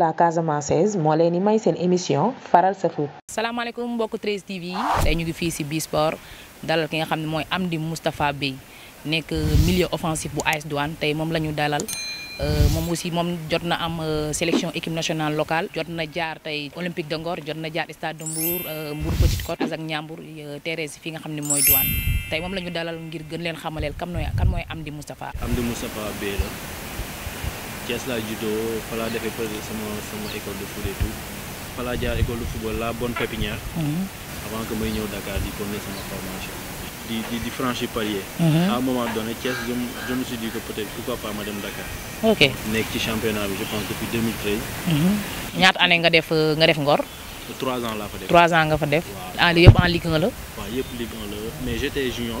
la Casamançaise moo may émission faral sa foot. salaamaaleykum 13 TV yi tey ñu ngi dalal ki nga xam ne mooy Amdy Moustapha Bèye milieu offensif bu AS Douane tey dalal euh, moom aussi moom jot am euh, sélection équipe nationale locale jot jaar tey Olympique de Ngor jot jaar Stade de Mbour euh, Mbour Petite Côte ak Ndiambour Thérèse fi nga Douane dalal ngir gën leen xamaleel kam nooy kan mooy kan Amdy Moustapha. la. la judo. de foot et tout de football la bonne pépinière. Mhm. avant que may Dakar formation. Mhm. à un moment donné je me suis dit que peut-être pourquoi pas Madame Dakar. ok championnat je pense depuis 2013. Mhm. année nga def ans là. ans mais j'étais junior.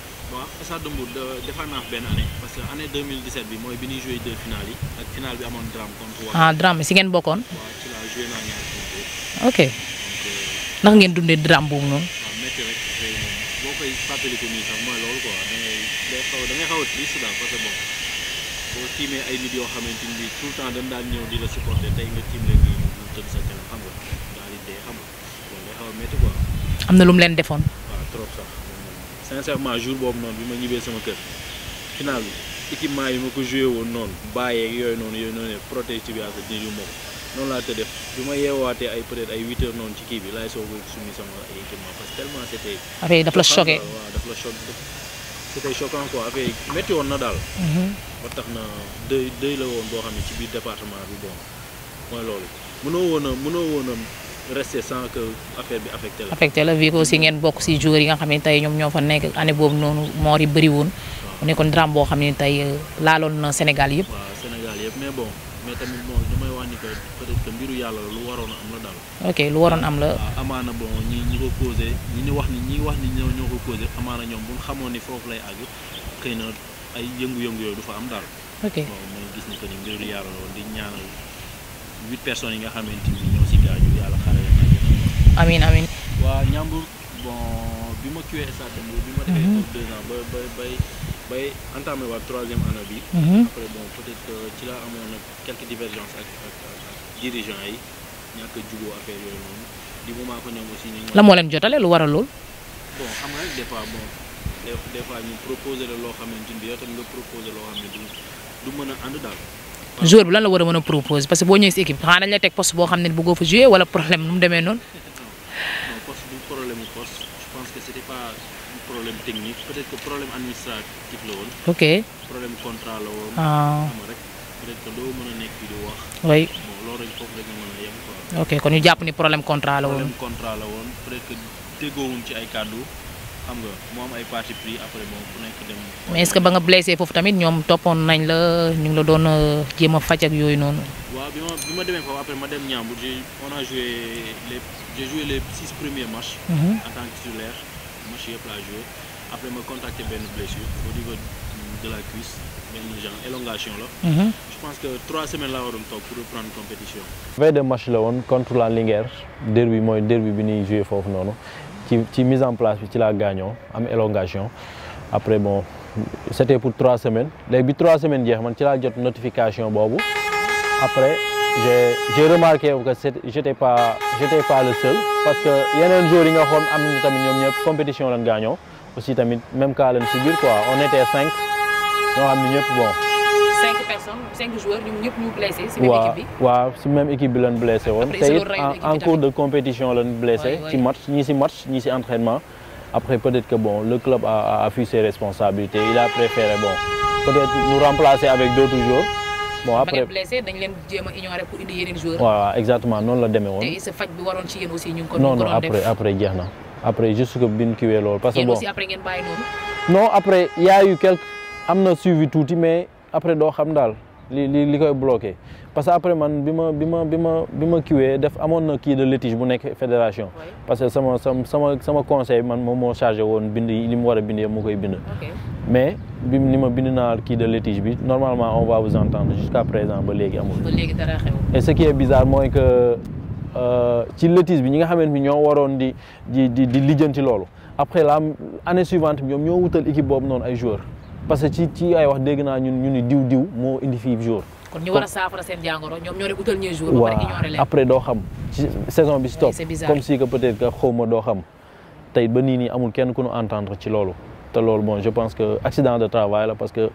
Stade de Mbour defar naa benn année parce que année bi mooy bi ñuy joué deux yi ak finale bi amoon drame contre waa. Ah, ngeen bokkoon. ok euh, ndax ngeen dundee drame boobu noonu. na boo koy fàttaliku nii sax mooy loolu quoi da ngay day xaw xaw a triste daal parce que bon boo ay nit yoo xamante ni tout le temps dañ daan ñëw di la supporter tey nga tiim leen nii sa kanam xam nga a métti quoi. am na lu mu leen defoon. sincèrement jour boobu noonu bi ma ñibbee sama kër final bi équipement yi ma ko joué woon noonu bàyyeeg yooyu noonu yooyu noonu protège ci bi ak diju ma ko noonu laa tëddee bi ma yeewaatee ay peut être ay huit heures noonu ci kii bi laay soog a sumi sama ay équipement parce que tellement c' était. affaire yi daf la choqué waaw daf la choqué c' était choquant quoi affaire yi métti woon na daal. Mhm. ba tax na dëy dëy la woon boo xam ne ci biir département bi bon mooy loolu mënoo woon a mënoo woon a rester sans que affaire bi affecté la affecté la vu que aussi ngeen bokk si joueur yi nga xam ne tey ñoom fa nekk année boobu noonu moor yi bëri woon mu nekkoon drame boo xam ne tey euh, laaloon na Sénégal yëpp waaw Sénégal yëpp mais bon mais tamit bon damay wax ni que peut être que mbiru yàlla lu waroon am la daal ok lu waroon am la amaana bon ñi ñi ko causé ñi ni wax ni ñi wax ni ñoo causé bu lay ay yëngu-yëngu du fa am ok bon gis ni ni mbiru di ñaanal personnes yi nga jaajëf yàlla xaaral amiin amiin. waa Ndiambour bon bi ma kiiwee SAT bi ma defee mhm. toog ba ba bay bay entamé waa troisième année bi. Mhm. après bon peut-être ci laa amoon nag quelques divergences ak ak dirigeants yi ñàkk a jubóo yooyu noonu di moment que ñoom aussi. ñu la moo leen jotale lu waral lool. bon xam nga rek des bon des fois ñu proposé la loo xamante ni yow tamit loo xam ne du mën a ànd daal. joueur bi lan la war a mën a proposer parce que boo ñëwee si équipe xanaa dañ la teg poste boo xam ne bëggoo fa jouer wala problème nu mu demee noonu. ok ah. a nekk di wax. oui bon loolu kon ñu jàpp ni problème contrat la woon. problème contrat xam nga am ay parti pris après bon ku nekk dem. mais est-ce que ba nga blessé foofu tamit ñom toppoon nañ la ñu la doon euh, jema a ak yoy noonu. waaw bi ma bi après ma dem Ndiambour j'ai on a joué les j'ai joué les 6 premiers matchs. Mhm. en tant que titulaire match yëpp laa joué après ma contacté ben blessure au niveau de la cuisse benn genre élongation la. Mhm. je pense que 3 semaines laa waroon top pour reprendre compétition. veille de match la woon contre la Lingère, derby mooy derby bi ni jouer fofu noonu qui ci mise en place puis ci la gaañoo am élongation après bon c'était pour trois semaines Les bi trois semaines jeex man ci laa jot notification boobu après j'ai j'ai remarqué que j' étais pas j'étais pas le seul parce que yeneen jours y nga xool am nañu tamit ñoom ñëpp compétition lañ gaañoo aussi tamit même cas lañ subir quoi on était cinq ñoo xam ne ñëpp bon 5 cinq joueurs même équipe blessé en cours de compétition blessé. match si match ni entraînement. après peut-être que bon le club a, a, ses responsabilités il a préféré bon peut-être nous remplacer avec d'autres joueurs. bon après exactement la non après après après juste que après y a eu quelques mais après do xam dal li li likoy koy bloqué parce que après man bima bima bima bima bi def amoon na kii de litige bu nek fédération. parce que sama sama sama conseil man moom moo chargé woon bind li mo wara bind mo koy bind. mais bim ni ma bind na kii de litige bi normalement on va vous entendre jusqu'à présent ba légui amul. ba légui dara xew. et ce qui est bizarre mooy que euh ci litige bi ñi nga xamante ni ñoo waron di di di di lolu après la année suivante ñom ñoo wutal équipe bob non ay joueurs parce que ci ci ay wax dégg naa ñun ñu ni diw diw mo indi fi jour. kon ñu wara a saafara seen jàngoro ñoom ñoo leen utal ñuy jour. ba pare ignoré leen après do xam saison bi stop comme si que peut-être que xawma do xam tay ba ni ni amul kenn ku ñu entendre ci lolu té lolu bon je pense que accident de travail la parce que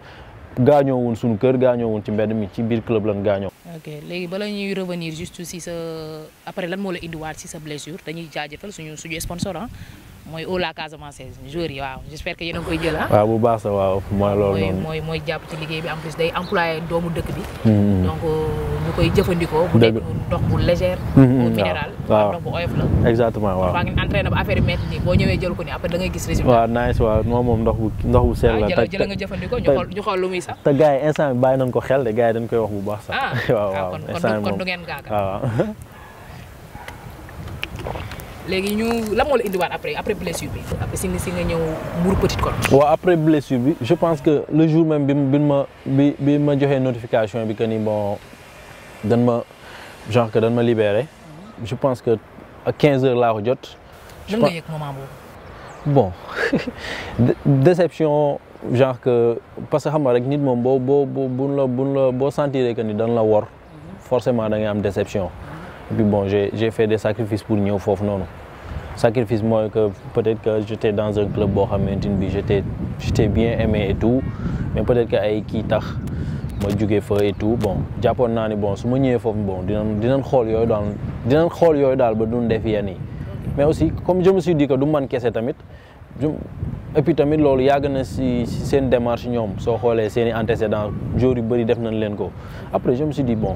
gaño won suñu kër gaño won ci mbéd mi ci bir club lan gaño ok légui bala ñuy revenir juste si sa après lan mo la indiwaat ci sa blessure dañuy jaajëfal suñu suñu sponsor hein mooy Ola Casamance joueurs yi waaw j'espère que yéen a koy jël ah. waaw bu baax sax waaw mooy loolu noonu mooy mooy jàpp ci liggéey bi en day employé doomu dëkk bi. Mm-hmm. donc euh, ñu koy jëfandikoo. bu nekk ndox bu légère. Mm-hmm. bu jël ko nii après da gis résultat. waaw nice waaw moom moom ndox bu ndox bu seet la. Ah, te jël nga jëfandikoo ñu xool ñu lu muy sax. te gars yi instant bi bàyyi nañ ko xel de gars yi koy wax bu baax sax. Ah. waaw waaw instant bi waaw la après blessure après blessure je pense que le jour même bi ma bi notification que bon genre que ma je pense que à 15 h là bien, Je bon déception genre que parce que xam rek nit buñ que la forcément déception. Et puis bon, j'ai fait des sacrifices pour New Fof, non. Sacrifice, moi, que peut-être que j'étais dans un club Bohamantine, j'étais bien aimé et tout, mais peut-être que Kitach, moi, du fa et tout. Bon, Japon, nani, bon, si je suis bon, dinañ xol yoy dal dinañ xol yoy dal ba def mais aussi comme je me suis dit que du man kessé tamit et puis tamit lolu yàgg na si si démarche ñom so xolé seen i antécédents jour yu bëri def nañ len ko après je me suis dit bon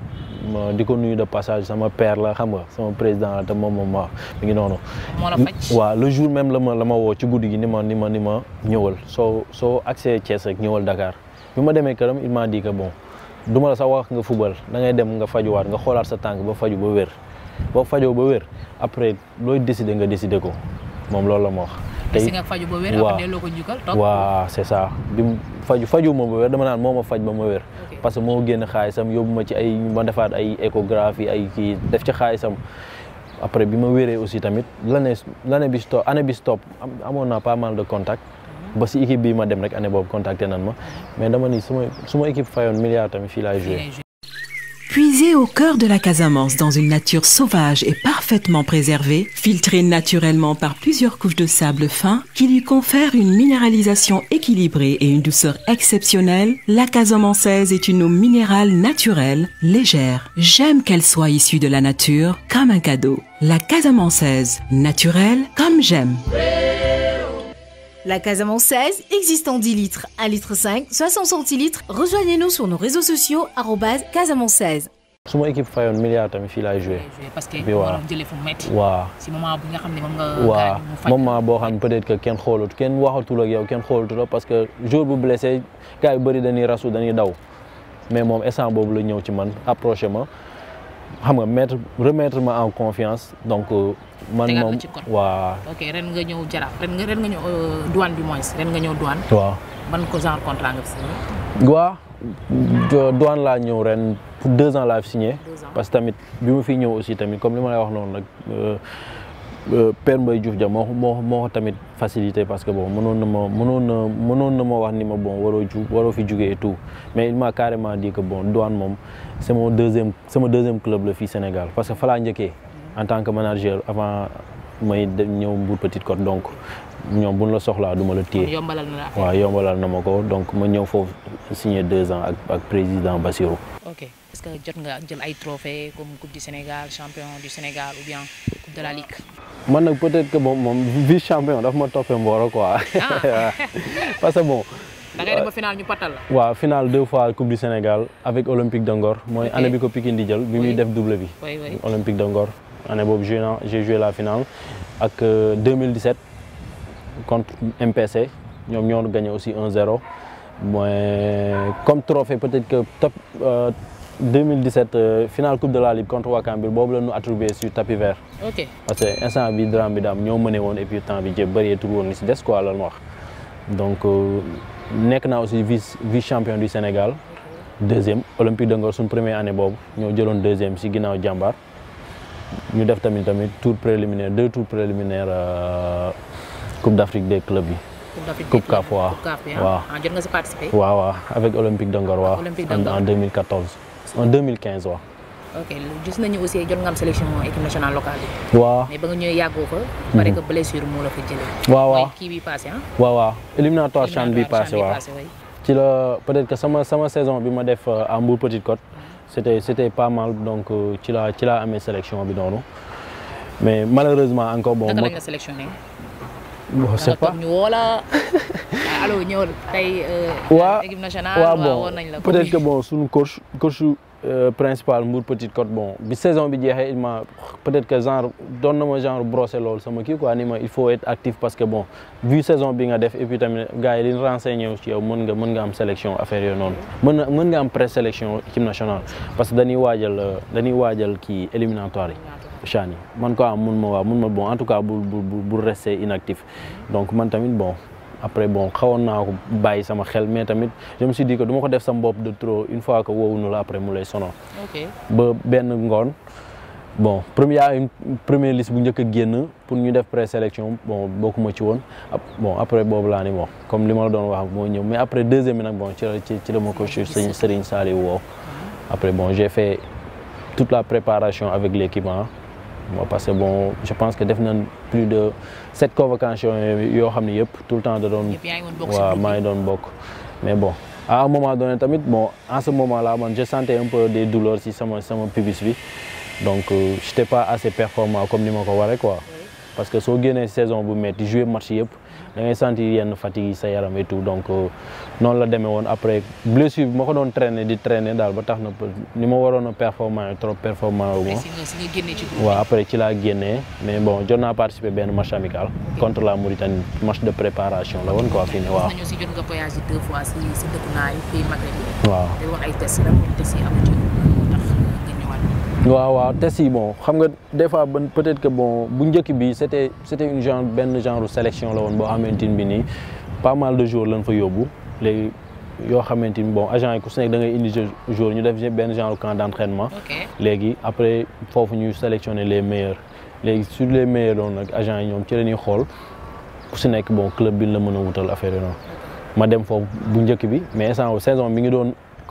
di ko nuyu de passage sama per la xam nga sama président la te moom moom ma mi ngi noonu. moo la faj waaw le jour même la ma la ma woo ci guddi gi ni ma ni ma ni ma ñëwal soo soo accès Thiès rek ñëwal dakaar bi ma demee këram il m'a dit que bon du ma la sa wax nga fubal da ngay dem nga fajuwaat nga xoolaat sa tànk ba faju ba wér boo fajoo ba wér après looy décider nga décider ko moom loolu la ma wax. tey si nga waaw delloo ko njukkal topp waaw c'est ça bi mu faju faju ma ba wér dama naan moo ma faj ba ma wér. parce que moo génn xaalisam yóbbu ma ci ay ma defaat ay échographie ay kii def ci xaalisam. après bi ma wéree aussi tamit l'année l'année bi stop année bi stop amoon na pas mal de contact mhm. ba si équipe bi ma dem rek année boobu contacté nan ma mhm. mais dama ni suma suma équipe fayoon milliard tamit fii laay Puisée au cœur de la Casamance dans une nature sauvage et parfaitement préservée, filtrée naturellement par plusieurs couches de sable fin qui lui confèrent une minéralisation équilibrée et une douceur exceptionnelle, la Casamanceaise est une eau minérale naturelle, légère. J'aime qu'elle soit issue de la nature comme un cadeau. La Casamanceaise, naturelle comme j'aime. La Casamance 16 existe en 10 litres, 1 litre 5, 60 centilitres. Rejoignez-nous sur nos réseaux sociaux Casamance 16. suma équipe fait un milliard tamit fii laay jouer. parce que je jëlee fu metti. waaw si je suis nga xam ne moom nga. waaw moment boo xam ne peut-être que kenn xoolut kenn waxatul ak yow kenn xoolatu la parce que jour bu blessé gars yu bëri dañuy rasu dañuy daw mais moom instant boobu la ñëw ci man approché ma. xam nga mettre remettre ma en confiance donc. Euh, man moom waaw. ok ren nga ñëw jaraaf ren nga ren nga ñëw euh, douane bi ren nga ñëw douane. waaw ban ko genre contrat nga fi signé. waaw douane laa ñëw ren pour deux ans laa fi signé. parce que tamit bi ma fiy ñëw aussi tamit comme li ma lay wax noonu nag. Euh, Père Mbaye Diouf Dia moo tamit facilité parce que bon mënoon na ma mënoon na mënoon na ma wax ni ma bon waroo ju waroo fi jugee et tout mais il m'a carrément dit que bon Douane moom c'est mon deuxième c'est mon deuxième club le fii Sénégal parce que fa laa en tant que manager avant may ñëw Mbour Petite Côte donc ñom buñ la soxla duma ma la wa yombalal na la waaw yombalal na donc ma ñëw foofu signer 2 ans ak ak président Bassirou. ok. Est-ce que jot nga jël ay trophées comme Coupe du Sénégal champion du Sénégal ou bien Coupe de la Ligue. man peut-être que mon vice champion daf ma toppee Mboro quoi. Ah. parce que bon. da ngay dem ma finale ñu patal la. finale deux fois Coupe du Sénégal avec Olympique de Ngor. mooy année bi ko Pikine di jël bi muy Olympique de Ngor année joué j'ai joué la finale en euh, 2017 contre MPC Nous, ñoo gagné aussi 1-0 comme trophée peut-être que top. Euh, 2017 euh, finale coupe de la ligue contre Wakambi bobu la ñu sur tapis vert. ok C'est que instant bi drame bi dam ñoo mëne et puis temps bi jë bëreetul woon li si des quoi la wax. donc euh, nek na aussi vice vice champion du Sénégal deuxième Olympique de Ngor suñ première année Nous ñoo jëloon deuxième si ginnaaw jambar ñu def tamit tamit tour préliminaire deux tours préliminaires euh, Coupe d'Afrique des clubs Coupe CAF Coupe CAF waaw. Ah, nga participer. avec Olympique de en 2014 en 2015 waaw. ok gis nañu aussi jot sélection am sélection équipe nationale locale bi. mais ba nga ñëwee yàggoo fa. pare que mhm. blessure moo la fa jëlee. Qui waaw mooy kii bi passé ah. waaw waaw éliminatoire chan bi passé ci peut-être que sama sama saison bi ma def euh, à Mbour Petite Côte. Mhm. c'était pas mal donc euh, ci la ci la sélection mais malheureusement encore bon. Tu as nga sélectionné. bon c'est pas ñu allo ñëwal euh, équipe nationale nañ la peut être que bon sur coach coach euh, principal Mbour Petite cote, bon bi saison bi jeexee il m'a peut être que genre donne moi, ma genre brossé loolu sama kii quoi ni ma il faut être actif parce que bon vu saison bi nga def et puis tamit gars yi li ñu renseigné wu ci yow mën nga mën nga am sélection affaire non. noonu mën nga am pré sélection équipe nationale parce que dañuy Wajel, euh, dañuy Wajel qui éliminatoire Chani man quoi mun ma ma bon en tout cas pour rester inactif donc man tamit bon après bon xawon nako baye sama xel mais tamit je me suis dit que du ko def sama bopp de trop une fois que woowunu la après mu lay sonal. ok ba ben ngoon. bon première une première liste bu ñëk a pour ñu def présélection bon bokuma ci won bon après boobu la ni bon comme li ma la doon wax mo ñëw mais après deuxième nak bon ci la ci la ma ko su Serigne Saliou woo après bon j'ai fait toute la préparation avec l'équipement hein moi parce que bon je pense que définitivement plus de sept convocations je suis ne tout le temps de don waaw maa mais bon à un moment donné tamit bon ce moment là je sentais un peu des douleurs si sama pubis Donc, je euh, j'étais pas assez performant comme ni le ko Parce quoi parce que soo une saison vous metti jouer match da ngay sentir yenn fatigue yi sa yaram et tout donc euh, noonu la demee woon après blessure bi ma ko doon traîner di traîner daal ba tax na ni ma waroon a performant trop performant wu ma waaw après ci laa génne mais bon jot naa participer benn match amical contre la Mauritanie match de préparation la woon quoi fii ne waaw waaw wa wa test bon xam nga des fois peut-être que bon bu njëkk bi c'était c'était une genre ben genre sélection là woon Amentine xamante ni pas mal de jours lañ fa yóbbu léegi yoo xamante bon agent yi ku si nekk da ngay indi jour ñu def benn genre camp d'entraînement léegi après foofu ñu sélectionner les meilleurs les sur les meilleurs loolu agent yi ñoom ci la ñuy xool ku si bon club bi la mën a wutal affaire yi noonu ma dem foofu bu njëkk bi mais instant saison mi ngi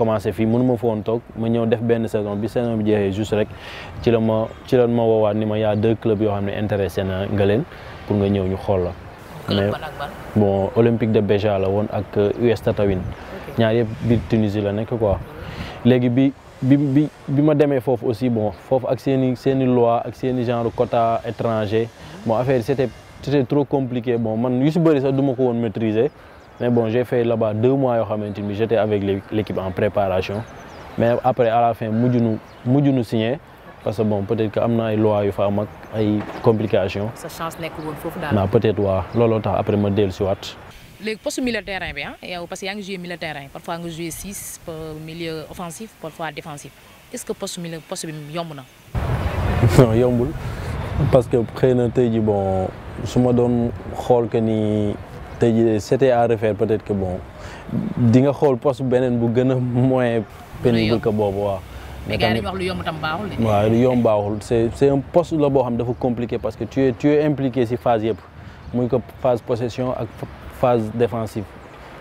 commencé fi mënu ma fa tok ma ñew def ben saison bi saison bi jeexee juste rek ci la ma ci la ma woowaat ni ma yaa deux clubs yo xam intéressé na nga leen pour nga ñew ñu xol la bon Olympique de Béja la won ak US euh, Tatawin ñaar yeb bi Tunisie la nek quoi légui bi bi bi bi ma demee foofu aussi bon fofu ak seni seni loi ak seni genre quota étranger bon affaire c'était c'était trop compliqué bon man yu si bëri sax duma ko won maîtriser mais bon, j'ai fait là-bas deux mois, j'étais avec l'équipe en préparation. Mais après, à la fin, nous avons signer Parce que bon, peut-être qu'il y a des lois, il des complications. Sa chance n'est pas bonne. Non, peut-être, oui. Après, je suis les postes militaires, hein, ah, parce que vous militaire, hein. parfois vous jouez 6 pour milieu offensif, parfois défensif. Est-ce que le poste militaire est yombo Non, yombo. Parce que après, bon, je me donne que ni tey c'était à refaire peut-être que bon di nga xol poste benen bu gëna moins pénible que boobu wa mais gars yi wax lu yomb tam baaxul de. waaw baaxul c'est c'est un poste la bo xam dafa compliqué parce que tu es tu es impliqué ci phase yépp muy ko phase possession ak phase défensive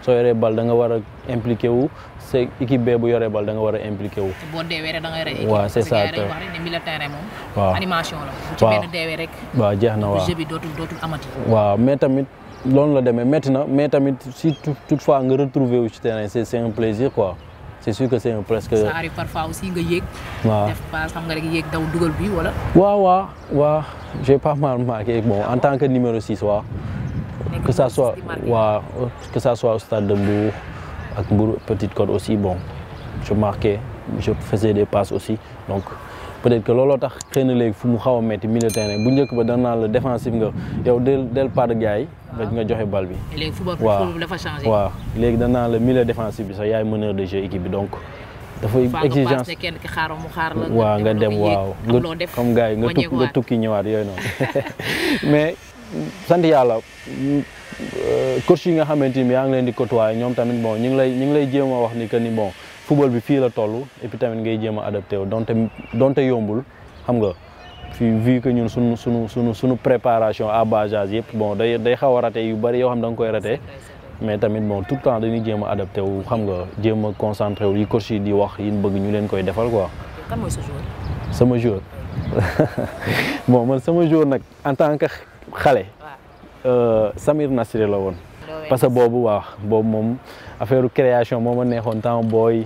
so yoré bal da nga wara impliqué wu c'est équipe bee bu yoré bal da nga wara impliqué wu. bo deewee rek da nga rey équipe. c'est ça parce que gars yi wax rek milieu terrain moom. animation la. waaw bu ci benn deewee rek. wa jeex na waaw jeu bi dootul dootul amati. waaw mais tamit loolu la demee na mais tamit si toutefois nga retrouver wu ci terrain c'est un plaisir quoi c'est sûr que c'est un presque. ça arrive parfois aussi nga yéeg. waaw def pas xam nga rek yéeg daw dugal bi wala. j'ai pas mal marqué bon en tant que numéro 6 que ça soit que ça soit au stade de Mbour ak Mbour Petite Côte aussi bon je marquais je faisais des passes aussi donc. peut-être que looloo tax xëy na léegi fu mu xaw a metti milieu terrain bu njëkk ba danaa la défensif nga yow del del pas de gars yi ah. rek nga joxe bal bi waaw dafa changé waaw léegi danaa la milieu défensif bi sax yaay meneur de jeu équipe bi donc dafay exigence waaw nga dem waaw nga yi nga tukki nga tukki ñëwaat yooyu noonu mais sant yàlla euh, coach yi nga xamante ni yaa ngi leen di côtoyer ñoom tamit bon ñu ngi lay ñu ngi lay jéem a wax ni que ni bon football bi fii la toll et puis tamit ngay jéem a adapté wu donte donte yombul xam nga fii vu que ñun suñu suñu suñu suñu préparation à bas yëpp bon day day xaw a raté yu bari yoo xam da nga koy raté mais tamit bon tout le temps dañuy jéem a adapté xam nga jéem a concentré wu yi coach yi di wax yi bëgg ñu leen koy defal quoi. sama joueur bon man sama joueur nag en tant que xale. Euh, Samir Nasri la woon. boobu waaw boobu moom affaire création moo ma neexoon temps booy.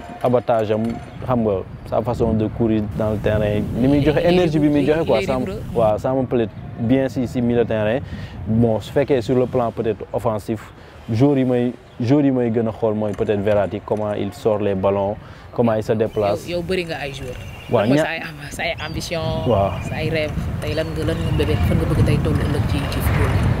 abattage xam nga sa façon de courir dans le terrain ni muy joxe énergie bi muy joxe quoi ça waaw ça me plaît bien si si milieu terrain bon su fekkee sur le plan peut-être offensif jour yi may jour yi may gën a xool mooy peut-être Verratti comment il sort les ballons comment il se déplace. yow bëri nga ay jour. waaw ña sa ay ambition. waaw sa ay rêve tey lan nga lan nga mbébét fan nga bëgg tey toll ëllëg ci ci football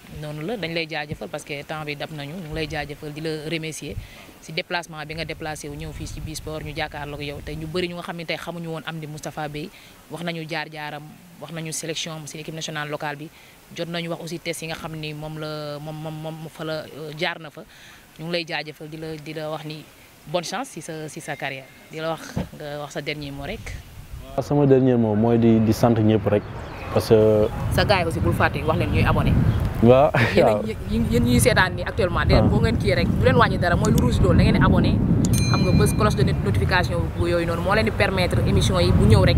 noonu la dañ lay jaajëfal parce que temps bi dab nañu ñu ngi lay jaajëfal di la remercier si déplacement bi nga déplacé wu ñëw fii si bi sport ñu jàkkaarloo ak yow tey ñu bëri ñu nga xam ne tey xamuñu woon am ni Moustapha Beye wax nañu jaar-jaaram wax nañu sélection am si équipe nationale locale bi jot nañu wax aussi test yi nga xam ni moom la moom moom moom fa la euh, jaar na fa ñu ngi lay jaajëfal di la di la wax ni bonne chance si sa si sa carrière di la wax nga wax sa dernier mot rek. waaw sama dernier mooy di di sant ñëpp parce que. sa gars yi aussi bul fàtte wax leen ñuy abonné. waaw waaw seetaan nii actuellement. Ah. déedéet boo ngeen kii yooyu noonu moo leen émission yi bu ñëw rek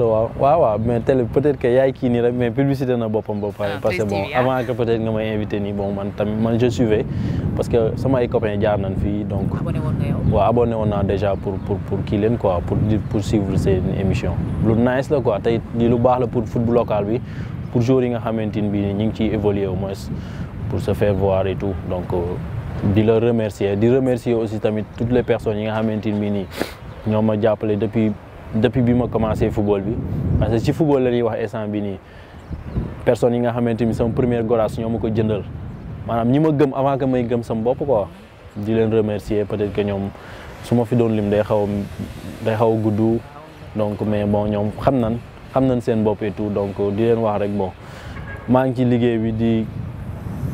waaw waaw mais télé peut-être que yaay kii nii rek mais publicité na boppam ba pare. Ah, parce que bon avant que peut nga may invité nii bon man je suivais parce que sama ay copains jaar nañ fii donc. abonné woon nga woon naa déjà pour pour pour kii leen quoi pour pour suivre seen émission. lu nice la quoi tey lii lu baax la pour football local bi. pour jouer, yi nga xamante ni bii ngi ciy évoluer au moins pour se faire voir et tout donc euh, di le remercier di remercier aussi tamit toutes les personnes yi nga xamante ni bii ma jàppale depuis depuis bi ma commencé football bi parce que ci football la ñuy wax instant bi nii personnes yi nga xamante mon sama première goraas ñoo ma ko jëndal maanaam ñi gëm avant que may gëm sama bopp quoi di leen remercier peut-être que ñoom su ma fi doon lim day xaw a day xaw donc mais bon ñoom xam nan xam nañ seen bopp et tout donc di leen wax rek bon maa ngi ci liggéey bi di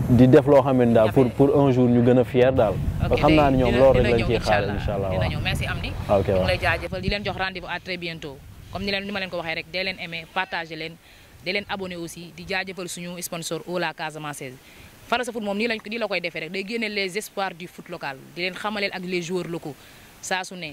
di def loo xamante daal pour pour un jour ñu gën a fier daal. ok xam naa ne ñoom loolu rek lañ ciy xaar incha allah dina ñëw merci Amdi. ok waaw lay jaajëfal di leen jox rendez-vous à très bientôt comme ni leen ni ma leen ko waxee rek dee leen aimé partagé leen dee leen abonné aussi di jaajëfal suñu sponsor Ola Casamance. Fara sa foot moom nii lañ nii la koy defee rek day génneel les espoirs du foot local di leen xamaleel ak les joueurs locaux saa su ne.